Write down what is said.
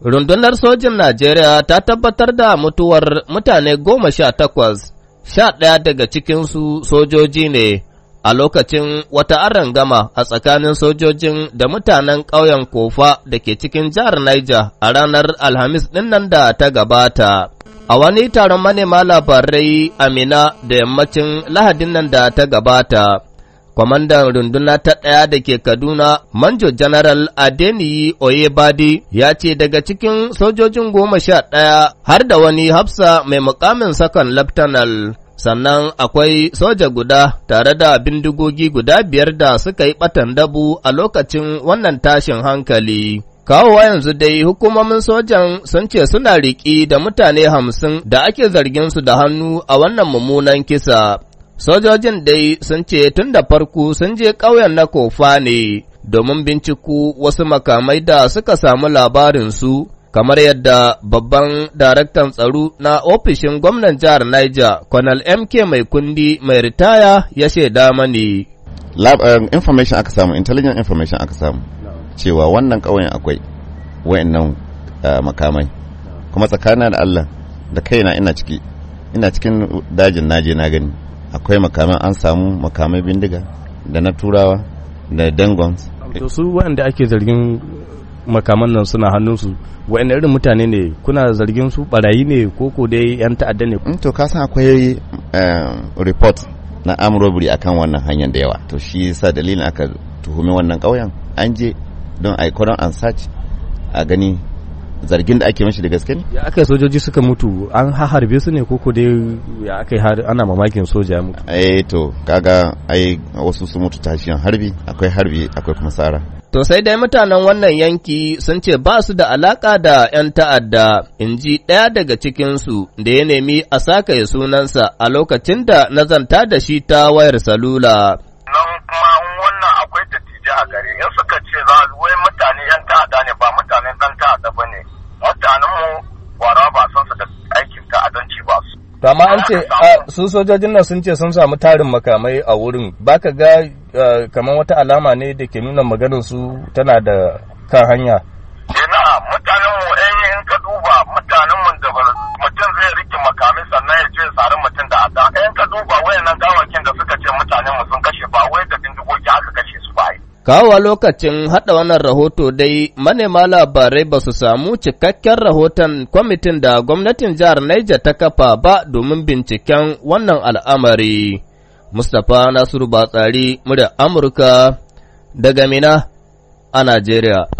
Rundunar sojin Najeriya ta tabbatar da mutuwar mutane goma sha takwas, sha ɗaya daga cikinsu sojoji ne a lokacin wata aron gama a tsakanin sojojin da mutanen ƙauyen Kofa da ke cikin jihar Niger a ranar Alhamis ɗin nan da ta gabata. A wani taron manema labarai Amina da yammacin Lahadin nan da ta gabata. kwamandan runduna ta ɗaya da ke Kaduna, Manjo Janaral Adeniyi Oyebadi, ya ce daga cikin sojojin goma sha ɗaya har da wani hafsa mai mukamin sakan laftanal. Sannan akwai soja guda tare da bindigogi guda biyar da suka yi ɓatan dabu a lokacin wannan tashin hankali. Kawowa yanzu dai hukumomin sojan sun ce suna riƙi da mutane hamsin da ake zargin su da hannu a wannan mummunan kisa. Sojojin dai sun ce tun da farko sun je ƙauyen na kofa ne domin binciku wasu makamai da suka samu labarinsu, kamar yadda babban daraktan tsaro na ofishin gwamnan jihar Niger, Colonel MK mai kundi mai ritaya ya shaida mani. Lab, um, information aka samu, intelligent information aka samu, no. cewa wannan ƙauyen akwai wayannan uh, makamai, no. kuma tsakanin da Allah da kaina ina ciki, ina cikin dajin naje na gani. akwai makamai an samu makamai bindiga da na turawa da dangon. to su waɗanda ake zargin makaman nan suna hannunsu waɗanda irin mutane ne kuna zargin su barayi ne ko ko dai yan ta'adda ne mm, to ka san akwai eh, report na amrobri a akan wannan hanyar da yawa to shi yasa dalilin aka tuhumi wannan kauyen an je don a yi an search a gani zargin da ake mashi da gaske ne ya aka sojoji suka mutu an harbe su ne koko dai ya aka yi ana mamakin soja ya mutu eh to kaga ai wasu su mutu tashin harbi akwai harbi akwai kuma sara To sai dai mutanen wannan yanki sun ce ba su da alaka da ‘yan ta'adda, in ji ɗaya daga cikinsu da ya nemi a sakaye sunansa a lokacin da nazanta da shi ta wayar salula. amma an ce su sojojin nan sun ce sun samu tarin makamai a wurin baka ga kamar wata alama ne da ke nuna maganin su tana da kan hanya Kawo lokacin haɗa wannan rahoto dai manema labarai ba su samu cikakken rahoton kwamitin da gwamnatin jihar Niger ta kafa ba domin binciken wannan al'amari. Mustapha Nasiru Batsari, murya Amurka daga Mina a Najeriya.